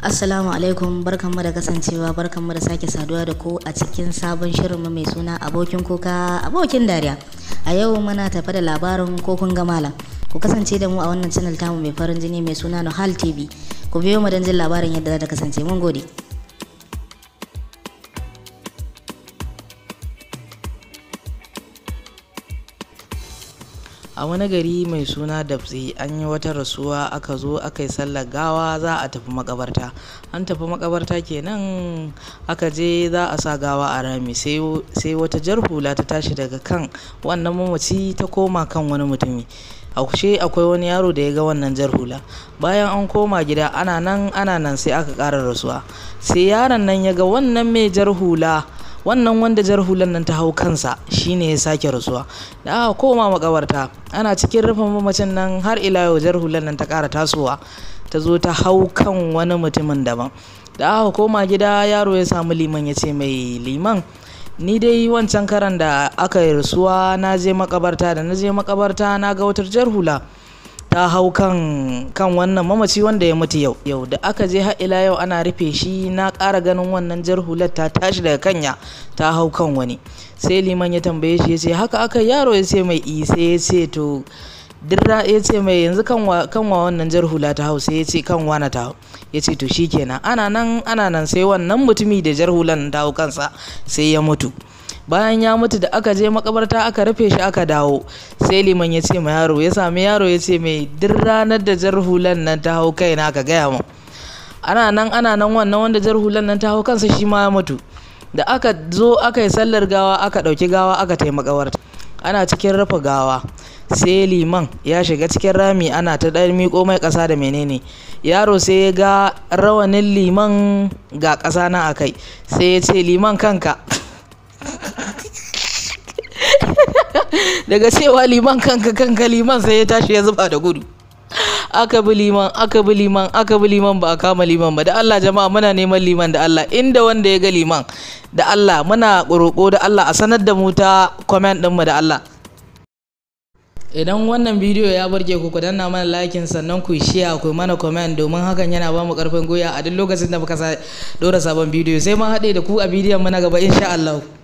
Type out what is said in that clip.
Assalamu alaikum barkanmu da kasancewa barkanmu da sake saduwa da ku a cikin sabon shirinmu mai suna abokin kuka abokin dariya a yau muna tafe da labarin kokun gamala ku kasance da mu a wannan channel tamu mai farin jini mai suna Nohal TV ku biyo mu don jin labarin yadda za ta kasance mun gode a wani gari mai suna dabtse an yi wata rasuwa aka zo aka yi sallar gawa za a tafi makabarta an tafi makabarta kenan aka je za a sa gawa a rami sai wata jar hula ta tashi daga kan wannan mamaci ta koma kan wani mutumi A kushe akwai wani yaro da ya ga wannan jar hula bayan an koma gida ana nan ana nan sai aka ƙara rasuwa sai yaron nan ya ga wannan mai jar hula wannan wanda jar hulan nan ta hau kansa shine ya sake rasuwa da aka koma makabarta ana cikin rufin mamacin nan har ila yau jar hulan nan ta kara tasowa ta zo ta hau kan wani mutumin daban da aka koma gida yaro ya samu liman ya ce mai liman ni dai wancan karan da aka yi rasuwa na je makabarta da na je makabarta na ga wata jar hula ta hau kan wannan mamaci wanda ya mutu yau yau da aka je ha'ila yau ana rufe shi na kara ganin wannan jar hular ta tashi daga kanya ta hau kan wani sai liman ya tambaye shi ya ce haka aka yaro ya ce mai i sai ya ce to dirra ya ce mai yanzu kan wa wannan jar hula ta hau sai ya ce kan wana ta hau ya ce to shi ana nan ana nan sai wannan mutumi da jar hular ta hau kansa sai ya mutu bayan ya mutu da aka je makabarta aka rufe shi aka dawo sai liman ya ce ma yaro ya sami yaro ya ce mai duk ranar da jar hulan nan ta hau kaina ka gaya mu. ana nan ana nan wannan wanda jar hulan nan ta hau kansa shi ma ya mutu da aka zo aka yi sallar gawa aka ɗauki gawa aka taimaka makabarta ana cikin rufe gawa sai liman ya shiga cikin rami ana ta ɗan miƙo mai ƙasa da menene yaro sai ya ga rawanin liman ga ƙasa na akai kai sai ya ce liman kanka daga cewa liman kanka kanka liman sai ya tashi ya zuba da gudu aka bi liman aka bi liman aka bi liman ba a kama liman ba da Allah jama'a muna neman liman da Allah inda wanda ya ga liman da Allah muna roƙo da Allah a sanar da mu ta comment mu da Allah idan wannan bidiyo ya burge ku ku danna mana likin sannan ku shiya ku mana comment domin hakan yana ba mu karfin goya a duk lokacin da muka dora sabon bidiyo sai mun haɗe da ku a bidiyon mu na gaba insha Allah